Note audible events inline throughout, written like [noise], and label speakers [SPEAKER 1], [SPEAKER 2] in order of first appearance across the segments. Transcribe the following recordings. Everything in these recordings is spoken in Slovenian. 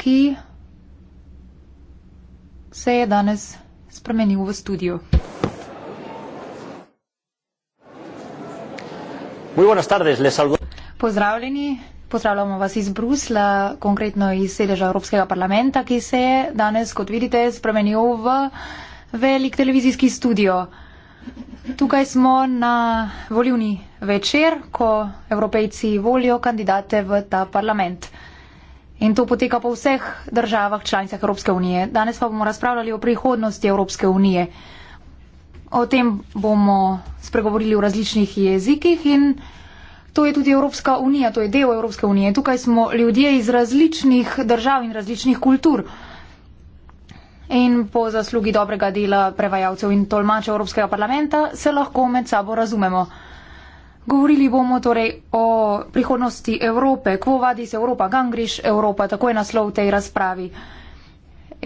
[SPEAKER 1] ki se je danes spremenil v studio. Pozdravljeni, pozdravljamo vas iz Brusla, konkretno iz sedeža Evropskega parlamenta, ki se je danes, kot vidite, spremenil v velik televizijski studio. Tukaj smo na volivni večer, ko evropejci volijo kandidate v ta parlament. In to poteka po vseh državah članicah Evropske unije. Danes pa bomo razpravljali o prihodnosti Evropske unije. O tem bomo spregovorili v različnih jezikih in to je tudi Evropska unija, to je del Evropske unije. Tukaj smo ljudje iz različnih držav in različnih kultur. In po zaslugi dobrega dela prevajalcev in tolmačev Evropskega parlamenta se lahko med sabo razumemo. Govorili bomo torej o prihodnosti Evrope. Kvo vadi se Evropa? Gangriš Evropa, tako je naslov tej razpravi.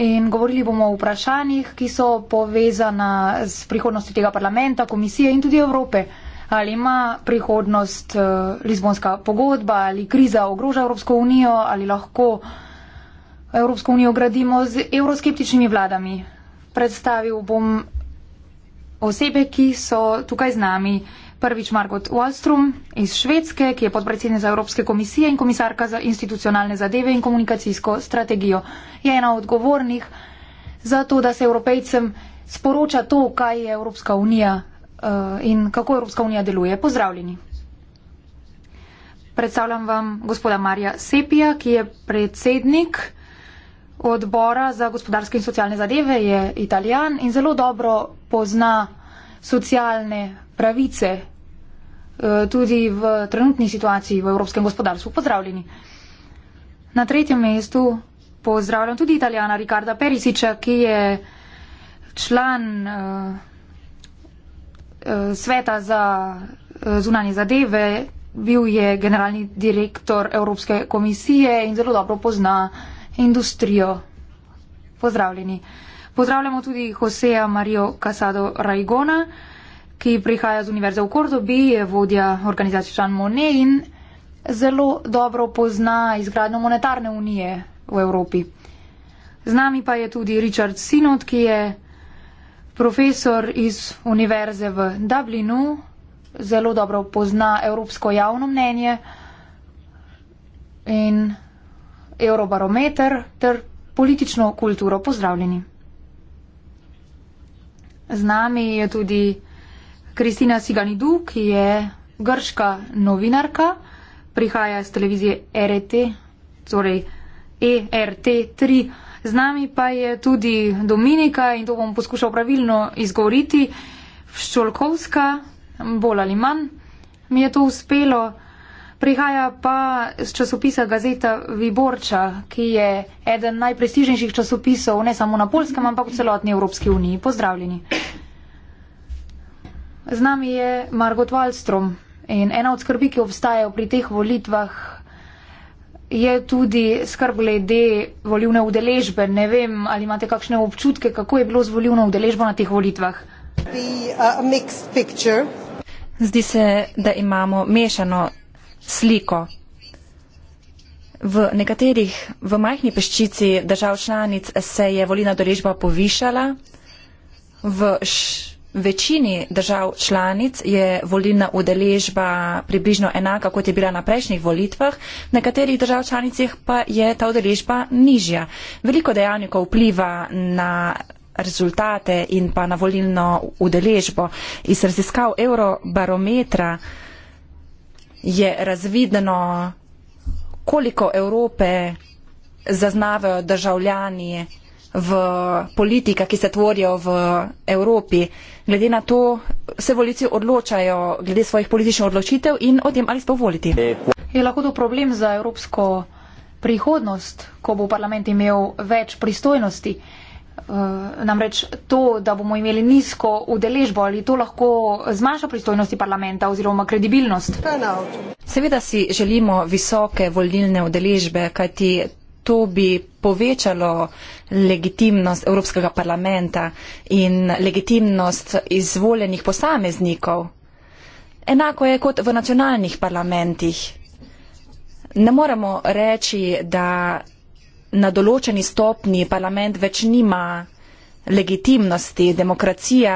[SPEAKER 1] In govorili bomo o vprašanjih, ki so povezana z prihodnosti tega parlamenta, komisije in tudi Evrope. Ali ima prihodnost eh, Lizbonska pogodba, ali kriza ogroža Evropsko unijo, ali lahko Evropsko unijo gradimo z evroskeptičnimi vladami. Predstavil bom osebe, ki so tukaj z nami prvič Margot Wallström iz Švedske, ki je podpredsednica Evropske komisije in komisarka za institucionalne zadeve in komunikacijsko strategijo. Je ena odgovornih za to, da se evropejcem sporoča to, kaj je Evropska unija eh, in kako Evropska unija deluje. Pozdravljeni. Predstavljam vam gospoda Marija Sepija, ki je predsednik odbora za gospodarske in socialne zadeve, je italijan in zelo dobro pozna socialne pravice Eh, tudi v trenutni situaciji v evropskem gospodarstvu. Pozdravljeni. Na tretjem mestu pozdravljam tudi italijana Rikarda Perisiča, ki je član eh, eh, sveta za zunanje zadeve, bil je generalni direktor Evropske komisije in zelo dobro pozna industrijo. Pozdravljeni. Pozdravljamo tudi Joseja Mario Casado Raigona, ki prihaja z Univerze v Kordobi, je vodja organizacije Jean Monnet in zelo dobro pozna izgradnjo monetarne unije v Evropi. Z nami pa je tudi Richard Sinot, ki je profesor iz Univerze v Dublinu, zelo dobro pozna evropsko javno mnenje in eurobarometer ter politično kulturo. Pozdravljeni. Z nami je tudi Kristina Siganidu, ki je grška novinarka, prihaja iz televizije e RT, torej ERT3. Z nami pa je tudi Dominika in to bom poskušal pravilno izgovoriti. Ščolkovska, bolj ali manj, mi je to uspelo. Prihaja pa z časopisa Gazeta Viborča, ki je eden najprestižnejših časopisov ne samo na Polskem, ampak v celotni Evropski uniji. Pozdravljeni. Z nami je Margot Wallstrom in ena od skrbi, ki obstajajo pri teh volitvah, je tudi skrb glede volivne udeležbe. Ne vem, ali imate kakšne občutke, kako je bilo z volivno udeležbo na teh volitvah. Uh, Zdi se, da
[SPEAKER 2] imamo mešano sliko. V nekaterih, v majhni peščici držav članic se je volina doležba povišala, v večini držav članic je volilna udeležba približno enaka, kot je bila na prejšnjih volitvah, v nekaterih držav članicih pa je ta udeležba nižja. Veliko dejavnikov vpliva na rezultate in pa na volilno udeležbo. Iz raziskav eurobarometra je razvidno, koliko Evrope zaznavajo državljani v politika, ki se tvorijo v Evropi, glede na to se volici odločajo glede svojih političnih odločitev in o tem, ali spovoliti.
[SPEAKER 1] Je lahko to problem za evropsko prihodnost, ko bo parlament imel več pristojnosti? Eh, namreč to, da bomo imeli nizko udeležbo, ali to lahko zmanjša pristojnosti parlamenta oziroma kredibilnost?
[SPEAKER 2] Seveda si želimo visoke volilne udeležbe, kajti to bi povečalo legitimnost Evropskega parlamenta in legitimnost izvoljenih posameznikov. Enako je kot v nacionalnih parlamentih. Ne moremo reči, da na določeni stopni parlament več nima legitimnosti, demokracija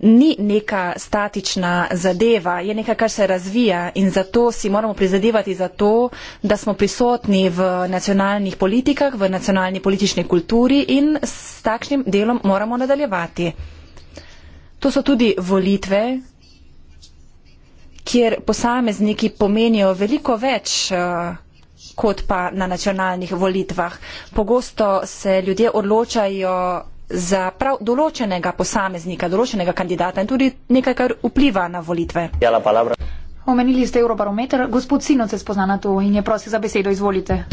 [SPEAKER 2] ni neka statična zadeva, je nekaj, kar se razvija in zato si moramo prizadevati za to, da smo prisotni v nacionalnih politikah, v nacionalni politični kulturi in s takšnim delom moramo nadaljevati. To so tudi volitve, kjer posamezniki pomenijo veliko več eh, kot pa na nacionalnih volitvah. Pogosto se ljudje odločajo za prav določenega posameznika, določenega kandidata in tudi nekaj, kar vpliva na volitve.
[SPEAKER 1] Ja, Omenili ste Eurobarometer, gospod Sinoc se spozna na to in je prosil za besedo, izvolite.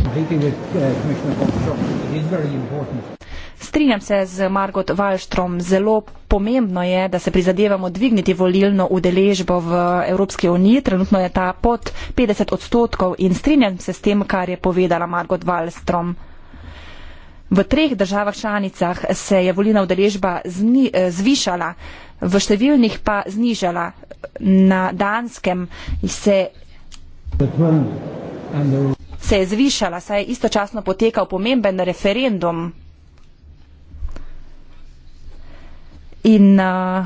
[SPEAKER 1] Strinjam se z Margot
[SPEAKER 2] Wallström, zelo pomembno je, da se prizadevamo dvigniti volilno udeležbo v Evropski uniji, trenutno je ta pod 50 odstotkov in strinjam se s tem, kar je povedala Margot Wallström. V treh državah članicah se je volilna udeležba zni, eh, zvišala, v številnih pa znižala. Na Danskem se, se je zvišala, saj je istočasno potekal pomemben referendum. In uh,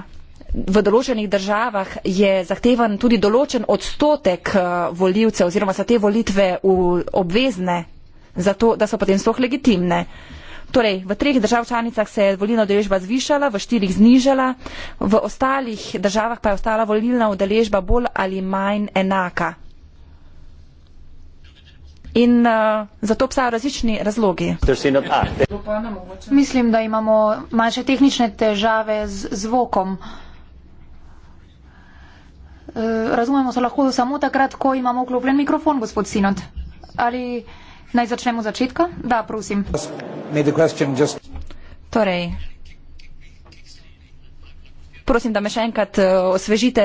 [SPEAKER 2] v določenih državah je zahtevan tudi določen odstotek uh, eh, voljivcev oziroma so te volitve v, obvezne, zato da so potem sploh legitimne. Uh, Torej, v treh držav članicah se je volilna udeležba zvišala, v štirih znižala, v ostalih državah pa je ostala volilna udeležba bolj ali manj enaka. In uh,
[SPEAKER 1] zato obstajajo različni razlogi. Mislim, da imamo manjše tehnične težave z zvokom. Eh, razumemo se lahko samo takrat, ko imamo vklopljen mikrofon, gospod Sinot. Ali naj začnemo začetka? Da, prosim.
[SPEAKER 3] May the question just...
[SPEAKER 1] Torej,
[SPEAKER 2] prosim, da me še enkrat eh, osvežite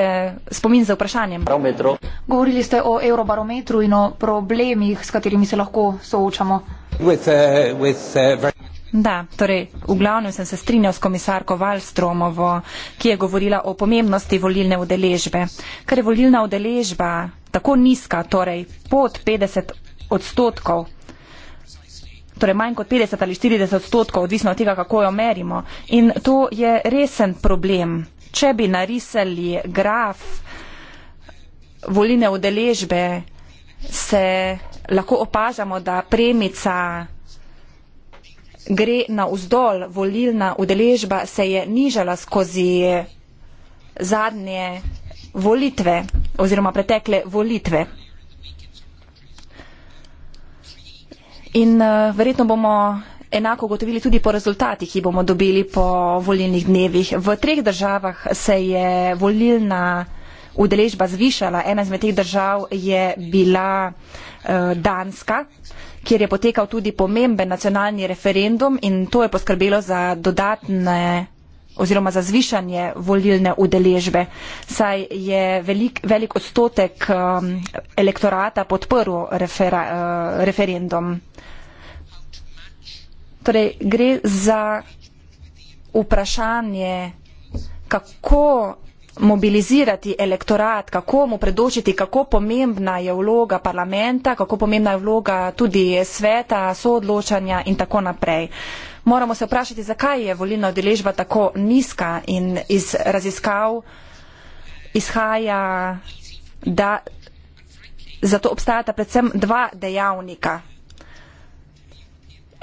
[SPEAKER 2] spomin za
[SPEAKER 1] vprašanjem. Barometru. Govorili ste o eurobarometru in o problemih, s katerimi se lahko soočamo.
[SPEAKER 3] With, uh, with, uh, very...
[SPEAKER 1] Da, torej, v
[SPEAKER 2] glavnem sem se strinjal s komisarko Valstromovo, ki je govorila o pomembnosti volilne udeležbe. Ker je volilna udeležba tako nizka, torej pod 50 odstotkov, torej manj kot 50 ali 40 odstotkov, odvisno od tega, kako jo merimo. In to je resen problem. Če bi narisali graf volilne udeležbe, se lahko opažamo, da premica gre na vzdolj, volilna udeležba se je nižala skozi zadnje volitve oziroma pretekle volitve. In uh, verjetno bomo enako ugotovili tudi po rezultatih, ki bomo dobili po volilnih dnevih. V treh državah se je volilna udeležba zvišala. Ena izmed teh držav je bila uh, Danska, kjer je potekal tudi pomemben nacionalni referendum in to je poskrbelo za dodatne oziroma za zvišanje volilne udeležbe, saj je velik, velik odstotek um, elektorata podprl refera, uh, referendum. Torej, gre za vprašanje, kako mobilizirati elektorat, kako mu predočiti, kako pomembna je vloga parlamenta, kako pomembna je vloga tudi sveta, soodločanja in tako naprej. Uh, moramo se vprašati, zakaj je volilna odeležba tako nizka in iz raziskav izhaja, da zato obstajata predvsem dva dejavnika.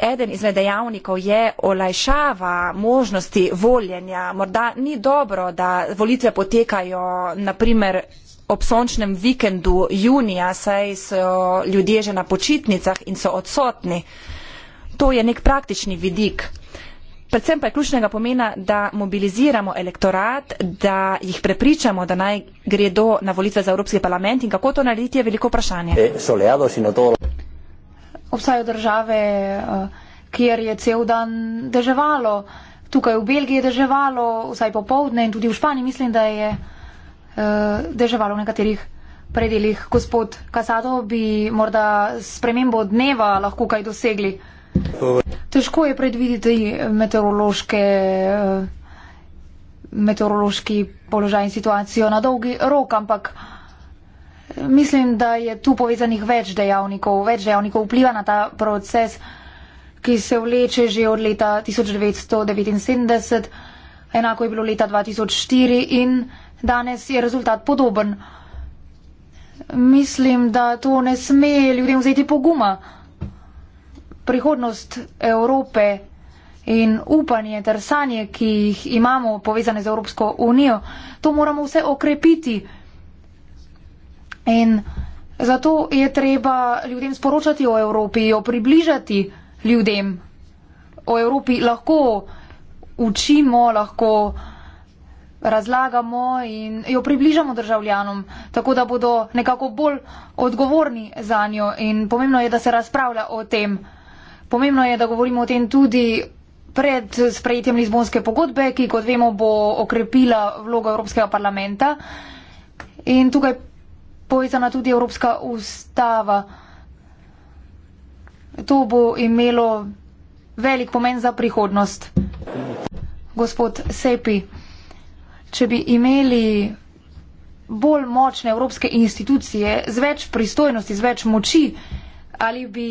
[SPEAKER 2] Eden izmed dejavnikov je olajšava možnosti voljenja. Morda ni dobro, da volitve potekajo naprimer ob sončnem vikendu junija, saj so ljudje že na počitnicah in so odsotni to je nek praktični vidik. Predvsem pa je ključnega pomena, da mobiliziramo elektorat, da jih prepričamo, da naj gredo na volitve za Evropski parlament in kako to narediti je veliko vprašanje.
[SPEAKER 3] Eh,
[SPEAKER 1] Obstajajo države, eh, kjer je cel dan deževalo. Tukaj v Belgiji je deževalo, vsaj popovdne in tudi v Španiji mislim, da je eh, deževalo v nekaterih predeljih. Gospod Kasado bi morda s premembo dneva lahko kaj dosegli. Težko je predvideti meteorološke, eh, meteorološki položaj in situacijo na dolgi rok, ampak mislim, da je tu povezanih več dejavnikov. Več dejavnikov vpliva na ta proces, ki se vleče že od leta 1979, enako je bilo leta 2004 in danes je rezultat podoben. Mislim, da to ne sme ljudem vzeti poguma prihodnost Evrope in upanje ter sanje, ki jih imamo povezane z Evropsko unijo, to moramo vse okrepiti. In zato je treba ljudem sporočati o Evropi, jo približati ljudem. O Evropi lahko učimo, lahko razlagamo in jo približamo državljanom, tako da bodo nekako bolj odgovorni za njo. In pomembno je, da se razpravlja o tem. Pomembno je, da govorimo o tem tudi pred sprejetjem Lizbonske pogodbe, ki, kot vemo, bo okrepila vlogo Evropskega parlamenta. In tukaj povezana tudi Evropska ustava. To bo imelo velik pomen za prihodnost. Gospod Sepi, če bi imeli bolj močne evropske institucije z več pristojnosti, z več moči, ali bi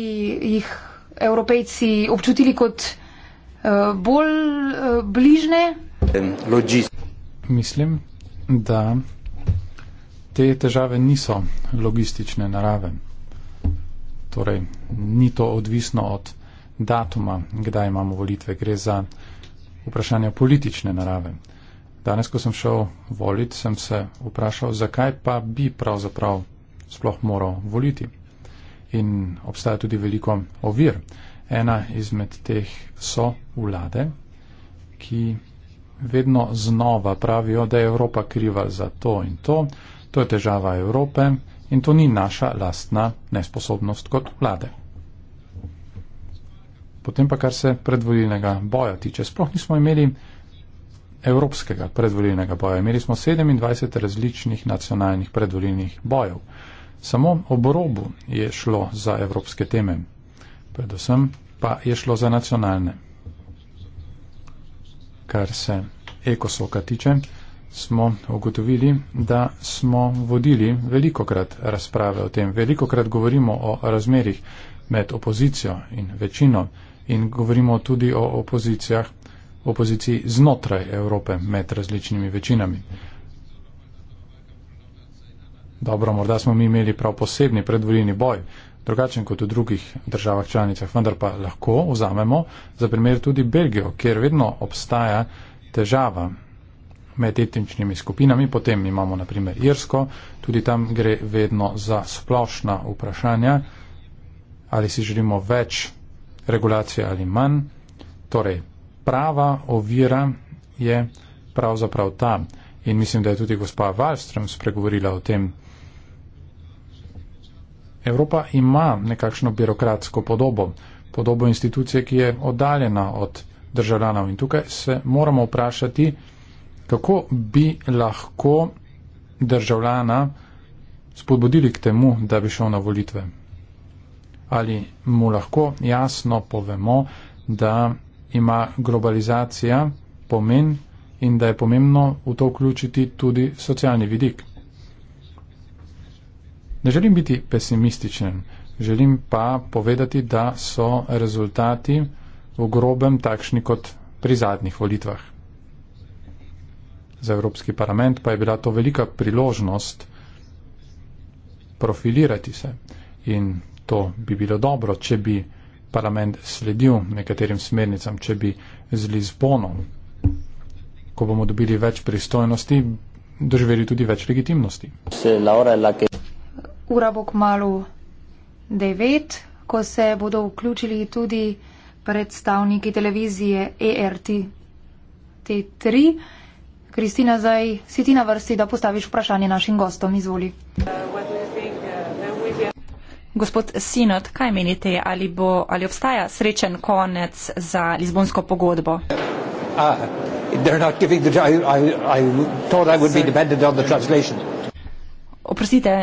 [SPEAKER 1] jih evropejci občutili kot eh, bolj eh, bližne?
[SPEAKER 3] Mislim, da te težave niso logistične narave. Torej, ni to odvisno od datuma, kdaj imamo volitve. Gre za vprašanje politične narave. Danes, ko sem šel voliti, sem se vprašal, zakaj pa bi pravzaprav sploh moral voliti in obstaja tudi veliko ovir. Ena izmed teh so vlade, ki vedno znova pravijo, da je Evropa kriva za to in to, to je težava Evrope in to ni naša lastna nesposobnost kot vlade. Potem pa, kar se predvolilnega boja tiče, sploh nismo imeli evropskega predvolilnega boja. Imeli smo 27 različnih nacionalnih predvolilnih bojev. Samo ob robu je šlo za evropske teme, predvsem pa je šlo za nacionalne. Kar se ekosoka tiče, smo ugotovili, da smo vodili velikokrat razprave o tem. Velikokrat govorimo o razmerih med opozicijo in večino in govorimo tudi o opozicijah, opoziciji znotraj Evrope med različnimi večinami. Dobro, morda smo mi imeli prav posebni predvoljeni boj, drugačen kot v drugih državah članicah, vendar pa lahko vzamemo za primer tudi Belgijo, kjer vedno obstaja težava med etničnimi skupinami, potem imamo naprimer Irsko, tudi tam gre vedno za splošna vprašanja, ali si želimo več regulacije ali manj. Torej, prava ovira je pravzaprav ta. In mislim, da je tudi gospa Wallström spregovorila o tem, Evropa ima nekakšno birokratsko podobo, podobo institucije, ki je oddaljena od državljanov. In tukaj se moramo vprašati, kako bi lahko državljana spodbudili k temu, da bi šel na volitve. Ali mu lahko jasno povemo, da ima globalizacija pomen in da je pomembno v to vključiti tudi socialni vidik. Ne želim biti pesimističen, želim pa povedati, da so rezultati v grobem takšni kot pri zadnjih volitvah. Za Evropski parlament pa je bila to velika priložnost profilirati se in to bi bilo dobro, če bi parlament sledil nekaterim smernicam, če bi z Lizbonom, ko bomo dobili več pristojnosti, doživeli tudi več legitimnosti. Se, Laura, like
[SPEAKER 1] ura bo k malu devet, ko se bodo vključili tudi predstavniki televizije ERT T3. Kristina, zdaj si ti na vrsti, da postaviš vprašanje našim gostom. Izvoli.
[SPEAKER 2] Gospod Sinot, kaj menite, ali, bo, ali obstaja srečen konec za Lizbonsko pogodbo? Ah, Oprostite,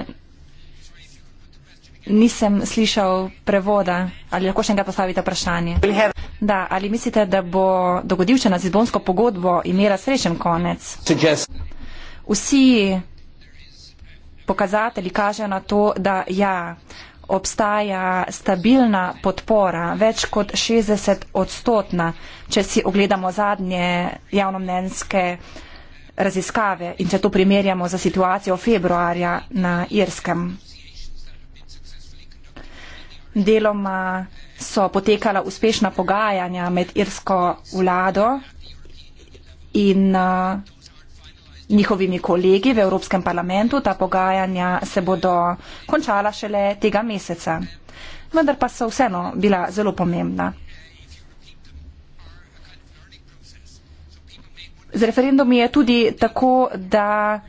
[SPEAKER 2] Nisem slišal prevoda. Ali lahko še enkrat postavite vprašanje? Da, ali mislite, da bo dogodivščena z izbonsko pogodbo imela srečen konec? Vsi pokazatelji kažejo na to, da ja, obstaja stabilna podpora, več kot 60 odstotna, če si ogledamo zadnje javnomnenske raziskave in če to primerjamo za situacijo februarja na Irskem deloma so potekala uspešna pogajanja med irsko vlado in uh, njihovimi kolegi v Evropskem parlamentu. Ta pogajanja se bodo končala šele tega meseca, vendar pa so vseeno bila zelo pomembna. Z referendumi je tudi tako, da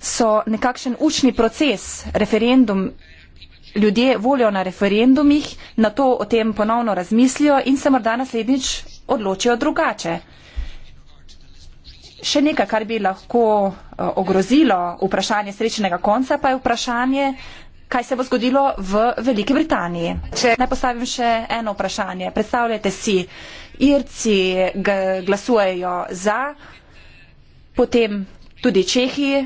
[SPEAKER 2] so nekakšen učni proces, referendum ljudje volijo na referendumih, na to o tem ponovno razmislijo in se morda naslednjič odločijo drugače. Še nekaj, kar bi lahko eh, ogrozilo vprašanje srečnega konca, pa je vprašanje, kaj se bo zgodilo v Veliki Britaniji. Če naj postavim še eno vprašanje. Predstavljajte si, Irci glasujejo za, potem tudi Čehiji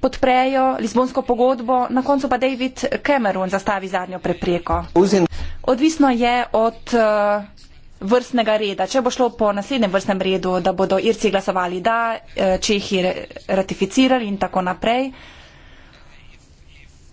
[SPEAKER 2] podprejo Lizbonsko pogodbo, na koncu pa David Cameron zastavi zadnjo preprijeko. Odvisno je od eh, vrstnega reda. Če bo šlo po naslednjem vrstnem redu, da bodo Irci glasovali da, eh, Čehi ratificirali in tako naprej,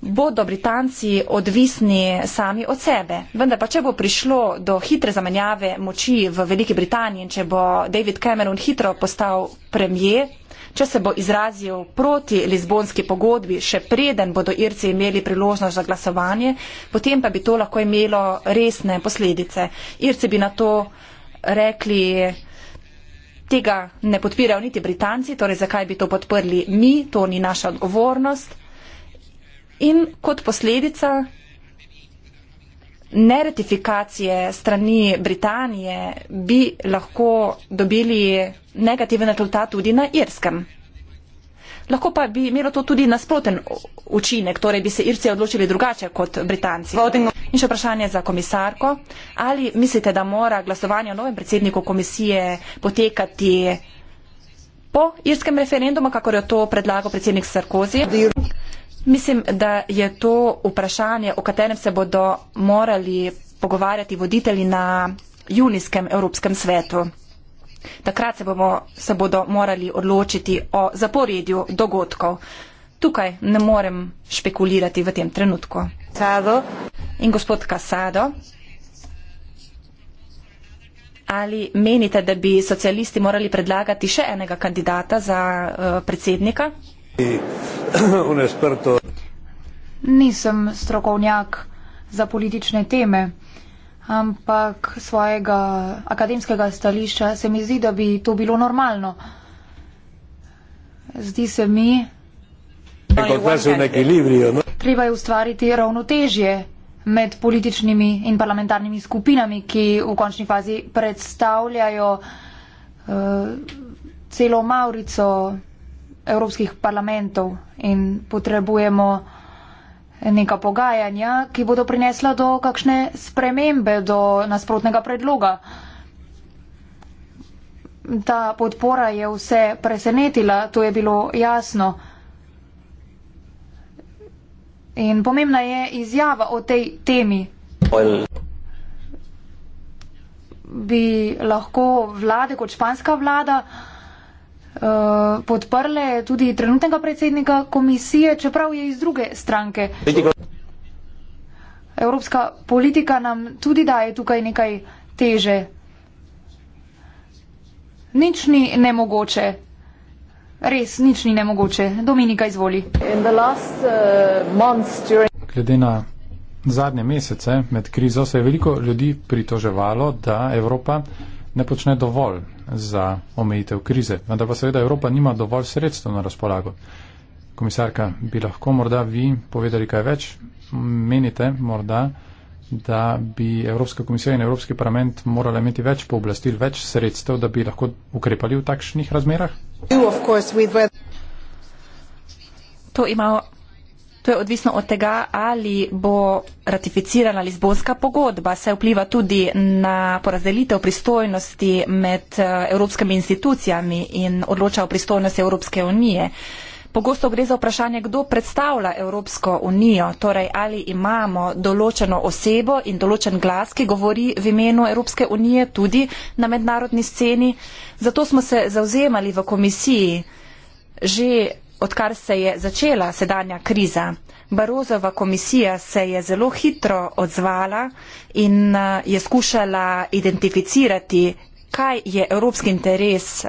[SPEAKER 2] bodo Britanci odvisni sami od sebe. Vendar pa, če bo prišlo do hitre zamenjave moči v Veliki Britaniji in če bo David Cameron hitro postal premijer, če se bo izrazil proti Lizbonski pogodbi, še preden bodo Irci imeli priložnost za glasovanje, potem pa bi to lahko imelo resne posledice. Irci bi na to rekli, tega ne podpirajo niti Britanci, torej zakaj bi to podprli mi, to ni naša odgovornost. In kot posledica neratifikacije strani Britanije bi lahko dobili negativen rezultat tudi na Irskem. Lahko pa bi imelo to tudi nasproten učinek, torej bi se Irci odločili drugače kot Britanci. In še vprašanje za komisarko. Ali mislite, da mora glasovanje o novem predsedniku komisije potekati po irskem referendumu, kako je to predlagal predsednik Sarkozy? Mislim, da je to vprašanje, o katerem se bodo morali pogovarjati voditelji na junijskem Evropskem svetu. Takrat se, bomo, se bodo morali odločiti o zaporedju dogodkov. Tukaj ne morem špekulirati v tem trenutku. Sado. In gospod Kasado, ali menite, da bi socialisti morali predlagati še enega kandidata za uh, predsednika?
[SPEAKER 3] [clears throat]
[SPEAKER 1] Nisem strokovnjak za politične teme ampak svojega akademskega stališča se mi zdi, da bi to bilo normalno. Zdi se mi,
[SPEAKER 3] no?
[SPEAKER 1] treba je ustvariti ravnotežje med političnimi in parlamentarnimi skupinami, ki v končni fazi predstavljajo uh, celo maurico evropskih parlamentov in potrebujemo neka pogajanja, ki bodo prinesla do kakšne spremembe, do nasprotnega predloga. Ta podpora je vse presenetila, to je bilo jasno. In pomembna je izjava o tej temi. Oil. Bi lahko vlade kot španska vlada Eh, podprle tudi trenutnega predsednika komisije, čeprav je iz druge stranke. Evropska politika nam tudi daje tukaj nekaj teže. Nič ni nemogoče. Res, nič ni nemogoče. Dominika, izvoli. Uh,
[SPEAKER 3] Glede na zadnje mesece med krizo se je veliko ljudi pritoževalo, da Evropa ne počne dovolj za omejitev krize. Vendar pa seveda Evropa nima dovolj sredstev na razpolago. Komisarka, bi lahko morda vi povedali kaj več? Menite morda, da bi Evropska komisija in Evropski parlament morali imeti več pooblastil, več sredstev, da bi lahko ukrepali v takšnih razmerah?
[SPEAKER 2] To ima To je odvisno od tega, ali bo ratificirana Lizbonska pogodba. Se vpliva tudi na porazdelitev pristojnosti med eh, evropskimi institucijami in odloča o pristojnosti Evropske unije. Pogosto gre za vprašanje, kdo predstavlja Evropsko unijo, torej ali imamo določeno osebo in določen glas, ki govori v imenu Evropske unije tudi na mednarodni sceni. Zato smo se zauzemali v komisiji že odkar se je začela sedanja kriza. Barozova komisija se je zelo hitro odzvala in eh, je skušala identificirati, kaj je evropski interes,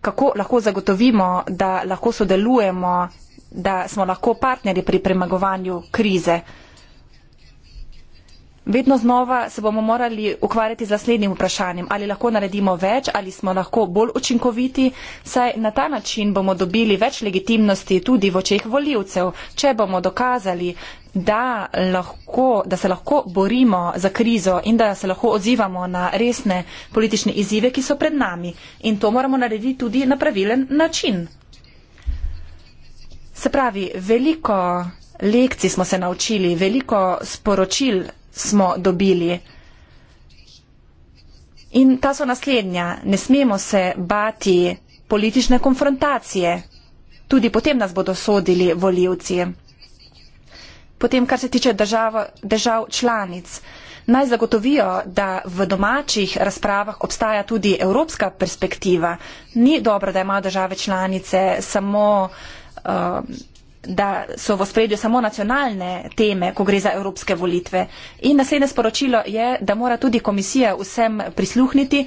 [SPEAKER 2] kako lahko zagotovimo, da lahko sodelujemo, da smo lahko partnerji pri premagovanju krize. Vedno znova se bomo morali ukvarjati z naslednjim vprašanjem, ali lahko naredimo več, ali smo lahko bolj učinkoviti, saj na ta način bomo dobili več legitimnosti tudi v očeh voljivcev, če bomo dokazali, da, lahko, da se lahko borimo za krizo in da se lahko odzivamo na resne politične izzive, ki so pred nami. In to moramo narediti tudi na pravilen način. Se pravi, veliko. Lekci smo se naučili, veliko sporočil smo dobili. In ta so naslednja. Ne smemo se bati politične konfrontacije. Tudi potem nas bodo sodili voljivci. Potem, kar se tiče držav, držav članic, naj zagotovijo, da v domačih razpravah obstaja tudi evropska perspektiva. Ni dobro, da imajo države članice samo. Uh, da so v spredju samo nacionalne teme, ko gre za evropske volitve. In naslednje sporočilo je, da mora tudi komisija vsem prisluhniti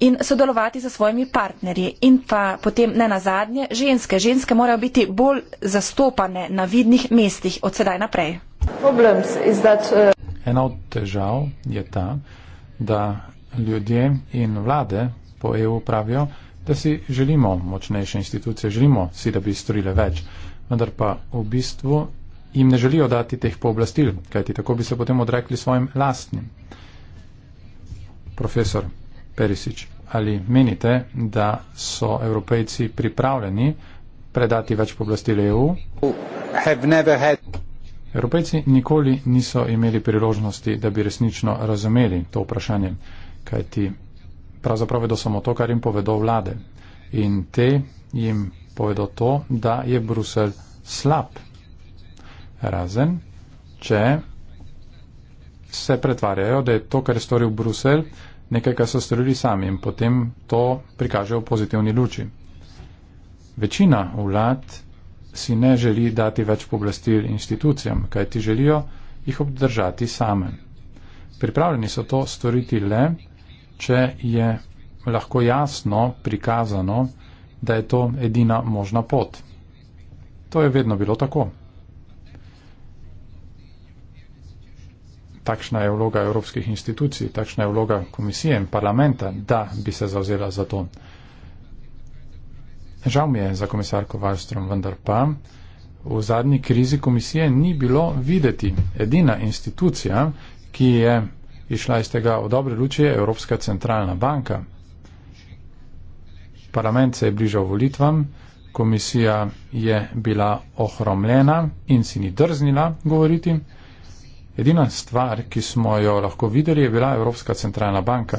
[SPEAKER 2] in sodelovati za svojimi partnerji. In pa potem ne nazadnje, ženske. Ženske morajo biti bolj zastopane na vidnih mestih od sedaj naprej.
[SPEAKER 3] That, uh... Ena od težav je ta, da ljudje in vlade po EU pravijo, da si želimo močnejše institucije, želimo si, da bi storile več, vendar pa v bistvu jim ne želijo dati teh pooblastil, kajti tako bi se potem odrekli svojim lastnim. Profesor Perisič, ali menite, da so evropejci pripravljeni predati več pooblastil EU? Evropejci nikoli niso imeli priložnosti, da bi resnično razumeli to vprašanje, kajti pravzaprav vedo samo to, kar jim povedo vlade. In te jim povedo to, da je Brusel slab. Razen, če se pretvarjajo, da je to, kar je storil Brusel, nekaj, kar so storili sami in potem to prikažejo v pozitivni luči. Večina vlad si ne želi dati več pooblastil institucijam, kaj ti želijo jih obdržati same. Pripravljeni so to storiti le, če je lahko jasno prikazano, da je to edina možna pot. To je vedno bilo tako. Takšna je vloga evropskih institucij, takšna je vloga komisije in parlamenta, da bi se zauzela za to. Žal mi je za komisarko Wallström, vendar pa v zadnji krizi komisije ni bilo videti. Edina institucija, ki je izšla iz tega v dobre luči je Evropska centralna banka. Parlament se je bližal volitvam, komisija je bila ohromljena in si ni drznila govoriti. Edina stvar, ki smo jo lahko videli, je bila Evropska centralna banka.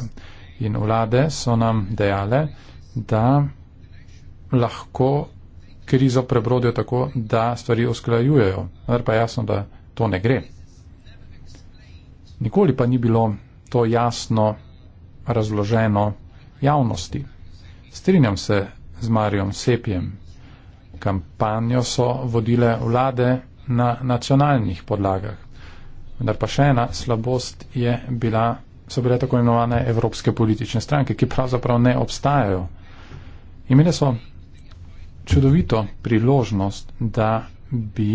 [SPEAKER 3] In vlade so nam dejale, da lahko krizo prebrodijo tako, da stvari usklajujejo. Vendar pa jasno, da to ne gre. Nikoli pa ni bilo to jasno razloženo javnosti. Strinjam se z Marijom Sepjem. Kampanjo so vodile vlade na nacionalnih podlagah. Vendar pa še ena slabost je bila, so bile tako imenovane evropske politične stranke, ki pravzaprav ne obstajajo. Imele so čudovito priložnost, da bi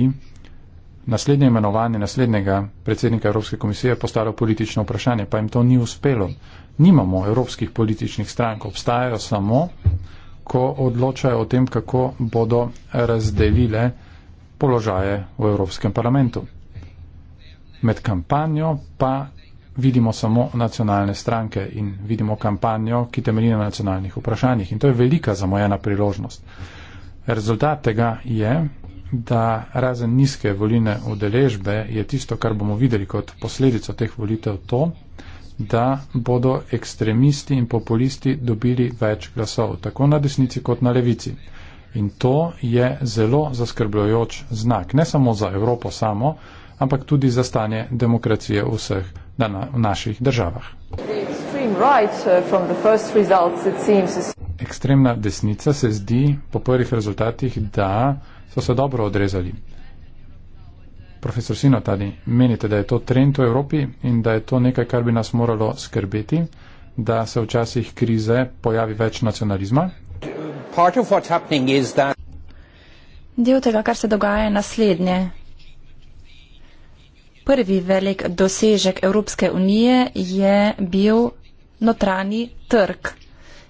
[SPEAKER 3] naslednje imenovanje naslednjega predsednika Evropske komisije postalo politično vprašanje, pa jim to ni uspelo. Nimamo evropskih političnih strank, obstajajo samo, ko odločajo o tem, kako bodo razdelile položaje v Evropskem parlamentu. Med kampanjo pa vidimo samo nacionalne stranke in vidimo kampanjo, ki temelji na nacionalnih vprašanjih. In to je velika zamojena priložnost. Rezultat tega je, da razen nizke volilne udeležbe je tisto, kar bomo videli kot posledico teh volitev, to, da bodo ekstremisti in populisti dobili več glasov, tako na desnici kot na levici. In to je zelo zaskrbljujoč znak, ne samo za Evropo samo, ampak tudi za stanje demokracije v vseh v naših državah. Uh, Ekstremna desnica se zdi po prvih rezultatih, da so se dobro odrezali. Profesor Sinatani, menite, da je to trend v Evropi in da je to nekaj, kar bi nas moralo skrbeti, da se včasih krize pojavi več nacionalizma?
[SPEAKER 2] Del tega, kar se dogaja, je naslednje. Prvi velik dosežek Evropske unije je bil notranji trg.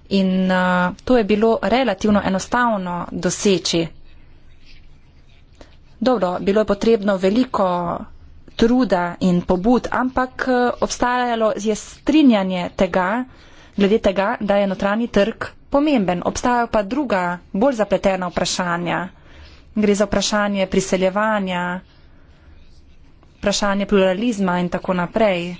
[SPEAKER 2] In uh, to je bilo relativno enostavno doseči dobro, bilo je potrebno veliko truda in pobud, ampak eh, obstajalo je strinjanje tega, glede tega, da je notranji trg pomemben. Obstajajo pa druga, bolj zapletena vprašanja. Gre za vprašanje priseljevanja, vprašanje pluralizma in tako naprej.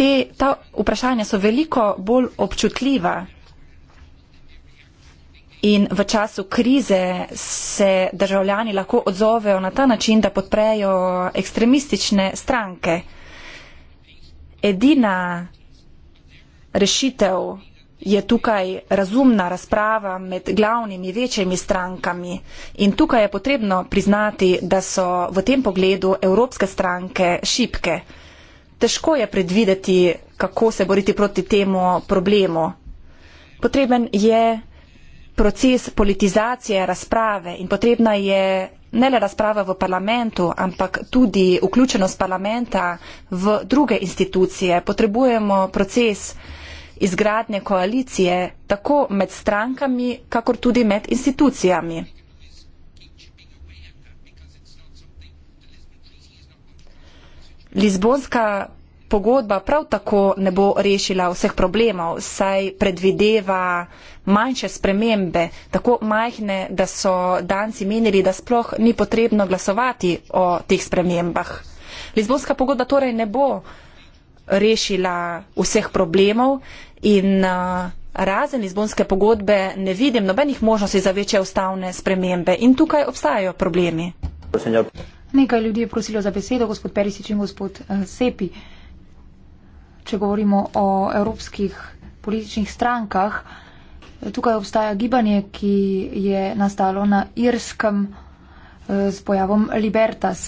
[SPEAKER 2] Te, ta vprašanja so veliko bolj občutljiva. In v času krize se državljani lahko odzovejo na ta način, da podprejo ekstremistične stranke. Edina rešitev je tukaj razumna razprava med glavnimi večjimi strankami. In tukaj je potrebno priznati, da so v tem pogledu evropske stranke šipke. Težko je predvideti, kako se boriti proti temu problemu. Potreben je proces politizacije razprave in potrebna je ne le razprava v parlamentu, ampak tudi vključenost parlamenta v druge institucije. Potrebujemo proces izgradnje koalicije tako med strankami, kakor tudi med institucijami. Lizbonska pogodba prav tako ne bo rešila vseh problemov, saj predvideva manjše spremembe, tako majhne, da so danci menili, da sploh ni potrebno glasovati o teh spremembah. Lizbonska pogodba torej ne bo rešila vseh problemov in uh, razen Lizbonske pogodbe ne vidim nobenih možnosti za večje ustavne spremembe in tukaj obstajajo problemi.
[SPEAKER 1] Nekaj ljudi je prosilo za besedo, gospod Perisič in gospod eh, Sepi. Uh, če govorimo o evropskih političnih strankah. Tukaj obstaja gibanje, ki je nastalo na Irskem z eh, pojavom Libertas.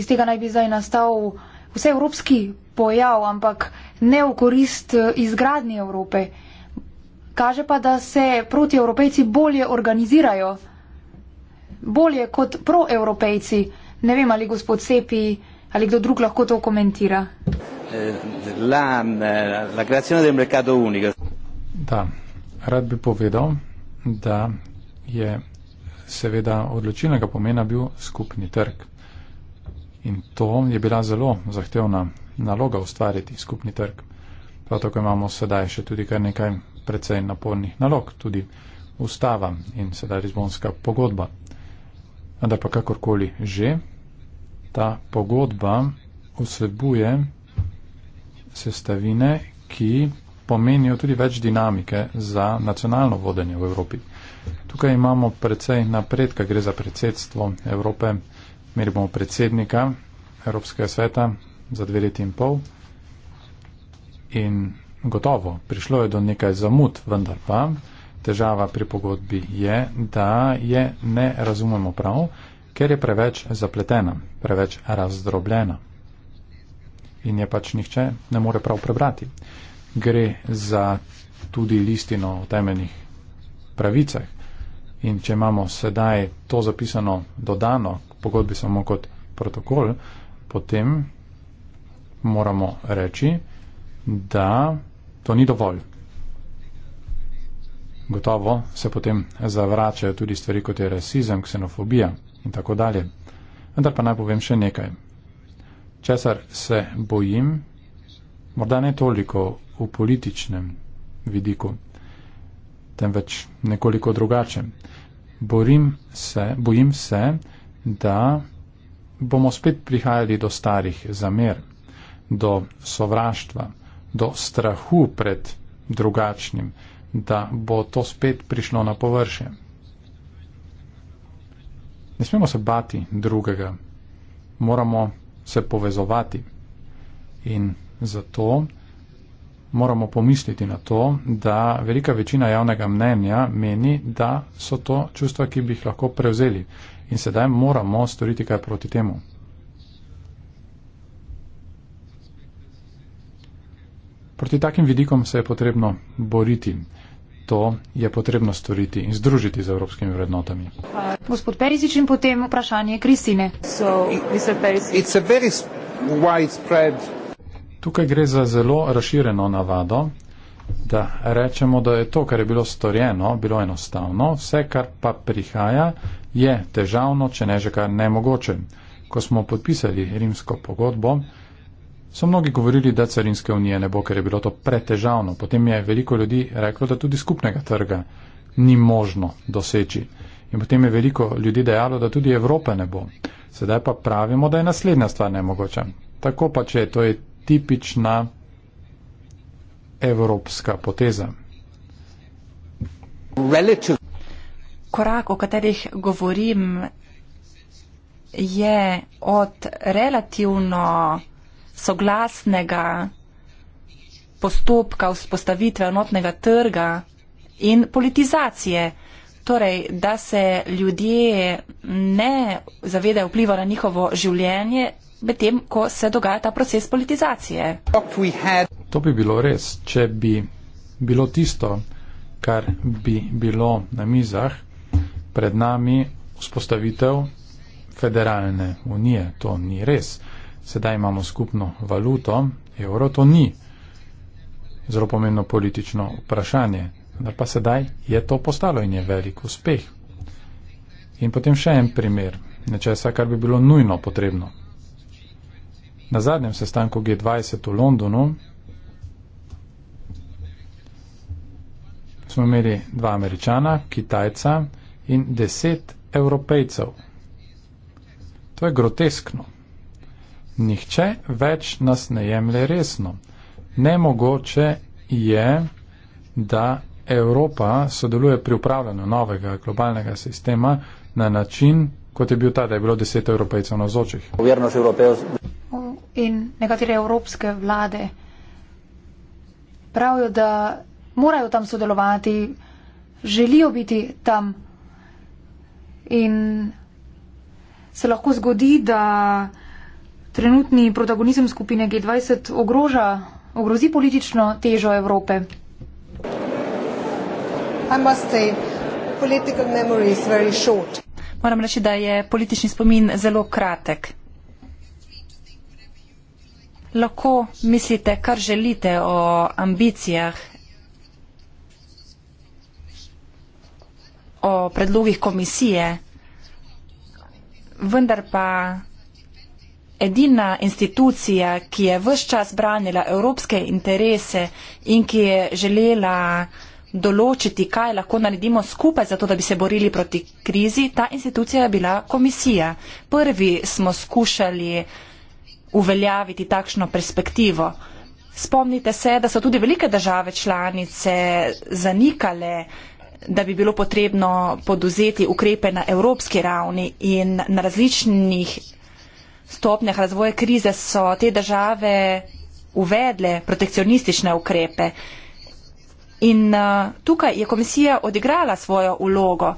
[SPEAKER 1] Iz tega naj bi zdaj nastal vse evropski pojav, ampak ne v korist eh, izgradnje Evrope. Kaže pa, da se protievropejci bolje organizirajo, bolje kot proevropejci. Ne vem, ali gospod Sepi uh, Ali kdo drug lahko to komentira?
[SPEAKER 3] Eh, la, eh, la creazione del mercato unico. Da, rad bi povedal, da je seveda odločilnega pomena bil skupni trg. In to je bila zelo zahtevna naloga ustvariti skupni trg. Prav tako imamo sedaj še tudi kar nekaj precej napornih nalog, tudi ustava in sedaj Lizbonska pogodba. Ampak kakorkoli že, ta pogodba vsebuje sestavine, ki pomenijo tudi več dinamike za nacionalno vodenje v Evropi. Tukaj imamo precej napredka, gre za predsedstvo Evrope, imeli bomo predsednika Evropskega sveta za dve leti in pol in gotovo, prišlo je do nekaj zamud, vendar pa težava pri pogodbi je, da je ne razumemo prav, ker je preveč zapletena, preveč razdrobljena in je pač nihče ne more prav prebrati. Gre za tudi listino o temeljnih pravicah in če imamo sedaj to zapisano dodano k pogodbi samo kot protokol, potem moramo reči, da to ni dovolj. Gotovo se potem zavračajo tudi stvari, kot je rasizem, ksenofobija in tako dalje. Vendar pa naj povem še nekaj. Česar se bojim, morda ne toliko v političnem vidiku, temveč nekoliko drugače. Borim se, bojim se, da bomo spet prihajali do starih zamer, do sovraštva, do strahu pred drugačnim, da bo to spet prišlo na površje. Ne smemo se bati drugega, moramo se povezovati in zato moramo pomisliti na to, da velika večina javnega mnenja meni, da so to čustva, ki bi jih lahko prevzeli in sedaj moramo storiti kaj proti temu. Proti takim vidikom se je potrebno boriti to je potrebno storiti in združiti z evropskimi vrednotami.
[SPEAKER 1] Gospod Perisič in potem vprašanje Kristine.
[SPEAKER 3] Tukaj gre za zelo razširjeno navado, da rečemo, da je to, kar je bilo storjeno, bilo enostavno, vse, kar pa prihaja, je težavno, če ne že kar nemogoče. Ko smo podpisali rimsko pogodbo, So mnogi govorili, da carinske unije ne bo, ker je bilo to pretežavno. Potem je veliko ljudi reklo, da tudi skupnega trga ni možno doseči. In potem je veliko ljudi dejalo, da tudi Evrope ne bo. Sedaj pa pravimo, da je naslednja stvar nemogoča. Tako pa če, to je tipična evropska poteza. Relative.
[SPEAKER 2] Korak, o katerih govorim, je od relativno soglasnega postopka vzpostavitve enotnega trga in politizacije. Torej, da se ljudje ne zavedajo vpliva na njihovo življenje, medtem ko se dogaja ta proces politizacije.
[SPEAKER 3] To bi bilo res, če bi bilo tisto, kar bi bilo na mizah pred nami vzpostavitev federalne unije. To ni res sedaj imamo skupno valuto, evro to ni zelo pomembno politično vprašanje, vendar pa sedaj je to postalo in je velik uspeh. In potem še en primer nečesa, kar bi bilo nujno potrebno. Na zadnjem sestanku G20 v Londonu smo imeli dva američana, kitajca in deset evropejcev. To je groteskno. Nihče več nas ne jemlje resno. Nemogoče je, da Evropa sodeluje pri upravljanju novega globalnega sistema na način, kot je bil ta, da je bilo deset evropejcev na zočih.
[SPEAKER 1] In nekatere evropske vlade pravijo, da morajo tam sodelovati, želijo biti tam in se lahko zgodi, da trenutni protagonizem skupine G20 ogroža, ogrozi politično težo Evrope.
[SPEAKER 2] Moram reči, da je politični spomin zelo kratek. Lahko mislite, kar želite o ambicijah, o predlogih komisije, vendar pa edina institucija, ki je vse čas branila evropske interese in ki je želela določiti, kaj lahko naredimo skupaj, zato da bi se borili proti krizi, ta institucija je bila komisija. Prvi smo skušali uveljaviti takšno perspektivo. Spomnite se, da so tudi velike države članice zanikale, da bi bilo potrebno poduzeti ukrepe na evropski ravni in na različnih stopnjah razvoja krize so te države uvedle protekcionistične ukrepe. In uh, tukaj je komisija odigrala svojo ulogo.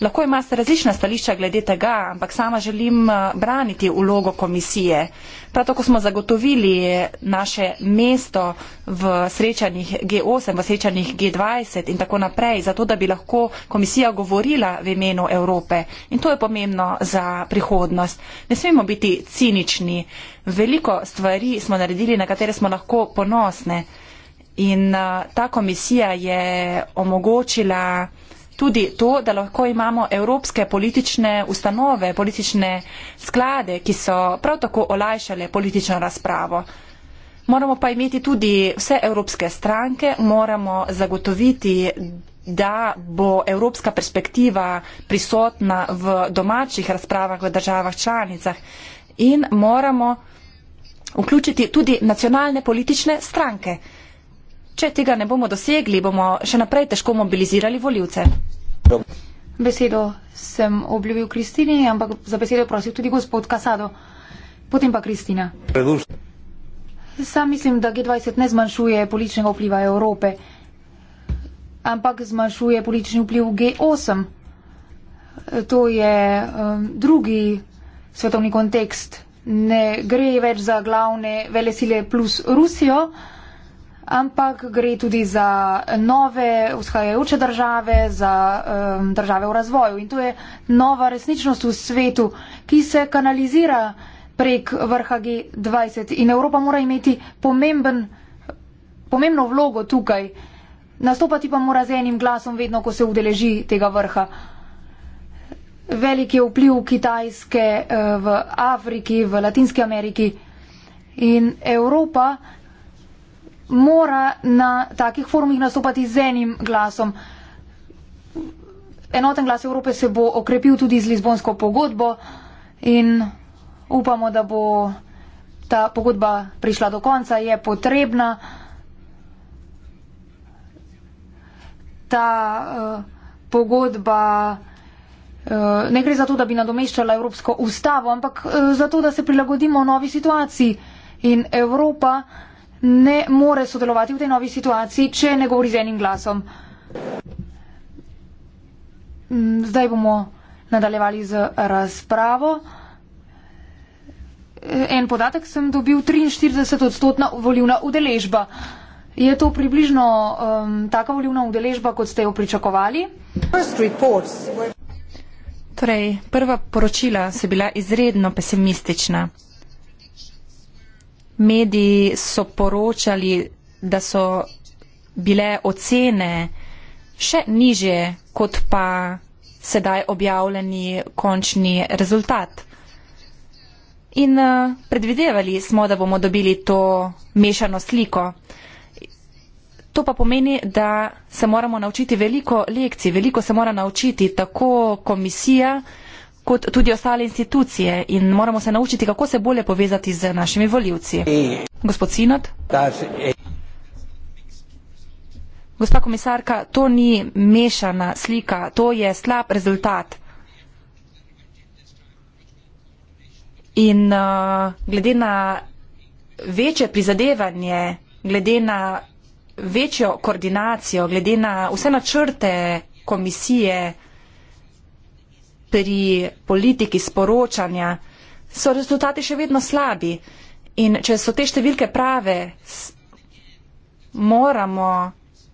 [SPEAKER 2] Lahko imate različna stališča glede tega, ampak sama želim eh, braniti ulogo komisije. Prav tako smo zagotovili naše mesto v srečanjih G8, v srečanjih G20 in tako naprej, zato da bi lahko komisija govorila v imenu Evrope. In to je pomembno za prihodnost. Ne smemo biti cinični. Veliko stvari smo naredili, na katere smo lahko ponosne. In eh, ta komisija je omogočila tudi to, da lahko imamo evropske politične ustanove, politične sklade, ki so prav tako olajšale politično razpravo. Moramo pa imeti tudi vse evropske stranke, moramo zagotoviti, da bo evropska perspektiva prisotna v domačih razpravah v državah članicah in moramo vključiti tudi nacionalne politične stranke. Če tega ne bomo dosegli, bomo še naprej težko mobilizirali voljivce.
[SPEAKER 1] Besedo sem obljubil Kristini, ampak za besedo prosil tudi gospod Kasado. Potem pa Kristina. Sam mislim, da G20 ne zmanjšuje političnega vpliva Evrope, ampak zmanjšuje politični vpliv G8. To je um, drugi svetovni kontekst. Ne gre več za glavne vele sile plus Rusijo ampak gre tudi za nove vzhajajoče države, za um, države v razvoju. In to je nova resničnost v svetu, ki se kanalizira prek vrha G20. In Evropa mora imeti pomemben, pomembno vlogo tukaj. Nastopati pa mora z enim glasom vedno, ko se udeleži tega vrha. Velik je vpliv Kitajske eh, v Afriki, v Latinski Ameriki in Evropa mora na takih forumih nastopati z enim glasom. Enoten glas Evrope se bo okrepil tudi z Lizbonsko pogodbo in upamo, da bo ta pogodba prišla do konca, je potrebna. Ta uh, pogodba uh, ne gre za to, da bi nadomeščala Evropsko ustavo, ampak uh, za to, da se prilagodimo novi situaciji in Evropa ne more sodelovati v tej novi situaciji, če ne govori z enim glasom. Mm, zdaj bomo nadaljevali z razpravo. En podatek sem dobil, 43 odstotna volivna udeležba. Je to približno um, taka volivna udeležba, kot ste jo pričakovali? Torej,
[SPEAKER 2] prva poročila so bila izredno pesimistična mediji so poročali, da so bile ocene še niže, kot pa sedaj objavljeni končni rezultat. In eh, predvidevali smo, da bomo dobili to mešano sliko. To pa pomeni, da se moramo naučiti veliko lekcij, veliko se mora naučiti tako komisija, kot tudi ostale institucije in moramo se naučiti, kako se bolje povezati z našimi voljivci. Gospod Sinot? Gospa komisarka, to ni mešana slika, to je slab rezultat. In uh, glede na večje prizadevanje, glede na večjo koordinacijo, glede na vse načrte komisije, pri politiki sporočanja, so rezultati še vedno slabi. In če so te številke prave, moramo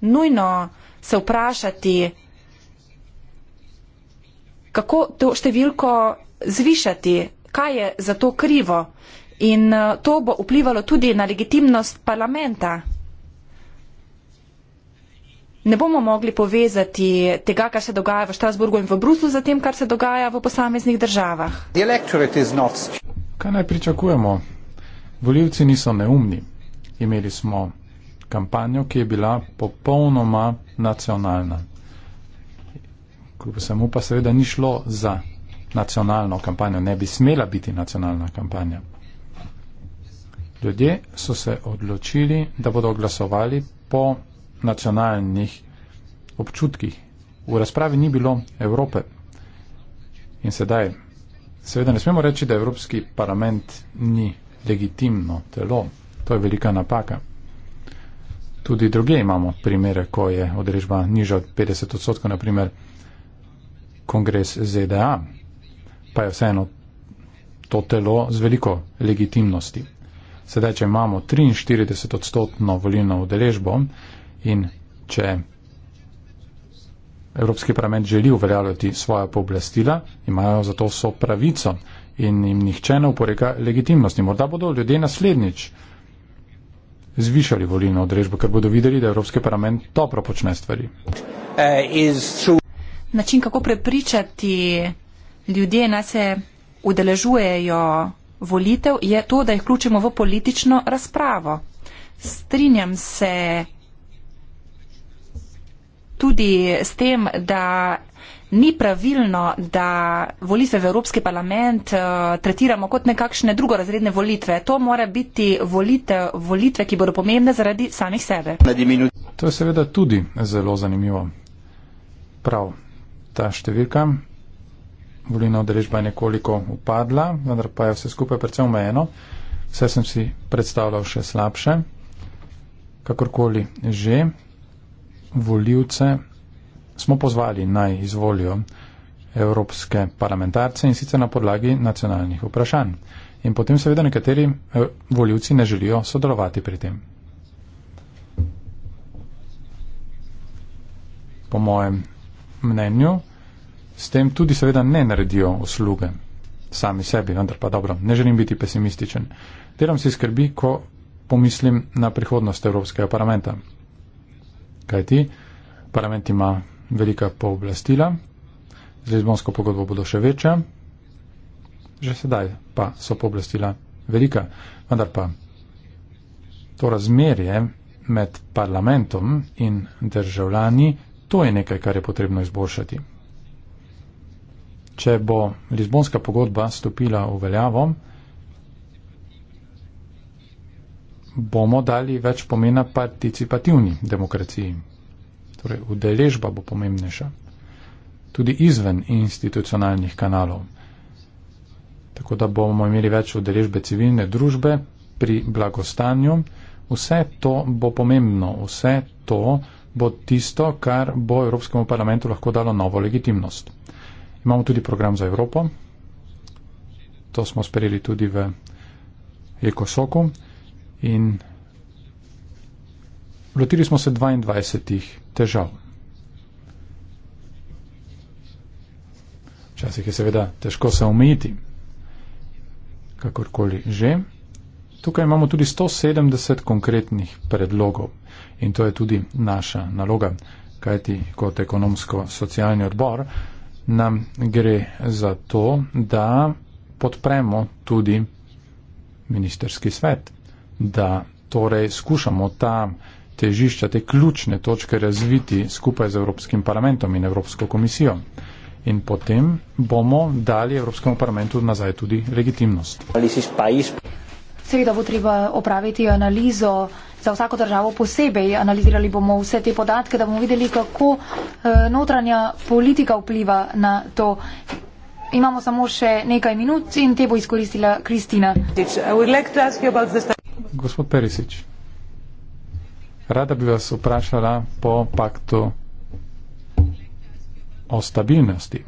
[SPEAKER 2] nujno se vprašati, kako to številko zvišati, kaj je za to krivo. In eh, to bo vplivalo tudi na legitimnost parlamenta ne bomo mogli povezati tega, kar se dogaja v Štrasburgu in v Bruslu, z tem, kar se dogaja v posameznih državah.
[SPEAKER 3] Kaj naj pričakujemo? Voljivci niso neumni. Imeli smo kampanjo, ki je bila popolnoma nacionalna. Kljub vsemu pa seveda ni šlo za nacionalno kampanjo, ne bi smela biti nacionalna kampanja. Ljudje so se odločili, da bodo glasovali po nacionalnih občutkih. V razpravi ni bilo Evrope. In sedaj, seveda ne smemo reči, da Evropski parlament ni legitimno telo. To je velika napaka. Tudi druge imamo primere, ko je odrežba niža od 50 odstotkov, naprimer kongres ZDA, pa je vseeno to telo z veliko legitimnosti. Sedaj, če imamo 43 odstotno volilno odrežbo, In če Evropski parlament želi uveljavljati svoja pooblastila, imajo za to so pravico in jim nihče ne uporeka legitimnosti. Morda bodo ljudje naslednjič zvišali volilno odrežbo, ker bodo videli, da Evropski parlament dobro počne stvari. Eh,
[SPEAKER 2] Način, kako prepričati ljudje, da se udeležujejo volitev, je to, da jih vključimo v politično razpravo. Strinjam se tudi s tem, da ni pravilno, da volitve v Evropski parlament uh, tretiramo kot nekakšne drugorazredne volitve. To mora biti volitve, volitve, ki bodo pomembne zaradi samih sebe.
[SPEAKER 3] To je seveda tudi zelo zanimivo. Prav, ta številka. Volina odrežba je nekoliko upadla, vendar pa je vse skupaj predvsem omejeno. Vse sem si predstavljal še slabše. Kakorkoli že, voljivce smo pozvali naj izvolijo evropske parlamentarce in sicer na podlagi nacionalnih vprašanj. In potem seveda nekateri eh, voljivci ne želijo sodelovati pri tem. Po mojem mnenju s tem tudi seveda ne naredijo usluge sami sebi, vendar pa dobro, ne želim biti pesimističen. Delam se skrbi, ko pomislim na prihodnost Evropskega parlamenta kajti parlament ima velika pooblastila, z Lizbonsko pogodbo bodo še večja, že sedaj pa so pooblastila velika. Vendar pa to razmerje med parlamentom in državljani, to je nekaj, kar je potrebno izboljšati. Če bo Lizbonska pogodba stopila v veljavo, bomo dali več pomena participativni demokraciji. Torej, udeležba bo pomembnejša. Tudi izven institucionalnih kanalov. Tako da bomo imeli več udeležbe civilne družbe pri blagostanju. Vse to bo pomembno. Vse to bo tisto, kar bo Evropskemu parlamentu lahko dalo novo legitimnost. Imamo tudi program za Evropo. To smo sprejeli tudi v Ekosoku. In lotili smo se 22 težav. Včasih je seveda težko se omejiti, kakorkoli že. Tukaj imamo tudi 170 konkretnih predlogov in to je tudi naša naloga, kajti kot ekonomsko-socialni odbor nam gre za to, da podpremo tudi ministerski svet da torej skušamo ta težišča, te ključne točke razviti skupaj z Evropskim parlamentom in Evropsko komisijo. In potem bomo dali Evropskemu parlamentu nazaj tudi legitimnost.
[SPEAKER 1] Seveda bo treba opraviti analizo za vsako državo posebej. Analizirali bomo vse te podatke, da bomo videli, kako eh, notranja politika vpliva na to. Imamo samo še nekaj minut in te bo izkoristila Kristina
[SPEAKER 3] gospod Perisič, rada bi vas vprašala po paktu o stabilnosti.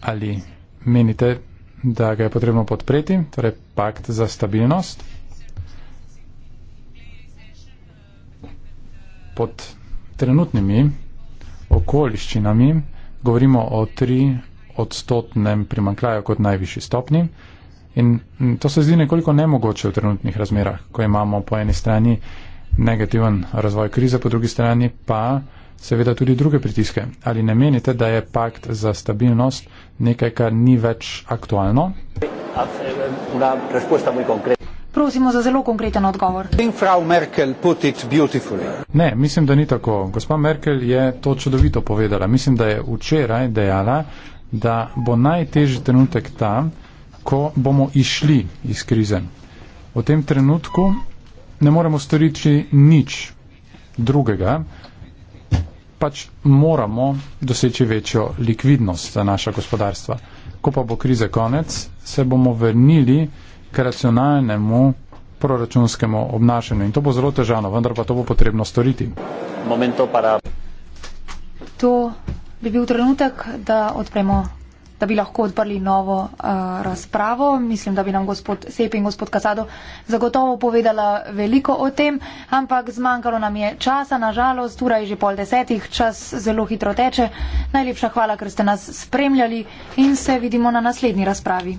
[SPEAKER 3] Ali menite, da ga je potrebno podpreti, torej pakt za stabilnost? Pod trenutnimi okoliščinami govorimo o tri odstotnem primankljaju kot najvišji stopni. In to se zdi nekoliko nemogoče v trenutnih razmerah, ko imamo po eni strani negativen razvoj krize, po drugi strani pa seveda tudi druge pritiske. Ali ne menite, da je pakt za stabilnost nekaj, kar ni več aktualno?
[SPEAKER 1] Prosimo za zelo konkreten odgovor.
[SPEAKER 3] Ne, mislim, da ni tako. Gospa Merkel je to čudovito povedala. Mislim, da je včeraj dejala, da bo najtežji trenutek tam, ko bomo išli iz krize. V tem trenutku ne moremo storiti nič drugega, pač moramo doseči večjo likvidnost za naša gospodarstva. Ko pa bo krize konec, se bomo vrnili k racionalnemu proračunskemu obnašanju in to bo zelo težano, vendar pa to bo potrebno storiti.
[SPEAKER 1] Momento para. To bi bil trenutek, da odpremo da bi lahko odprli novo uh, razpravo. Mislim, da bi nam gospod Sep in gospod Kasado zagotovo povedala veliko o tem, ampak zmanjkalo nam je časa, nažalost, tura je že pol desetih, čas zelo hitro teče. Najlepša hvala, ker ste nas spremljali in se vidimo na naslednji razpravi.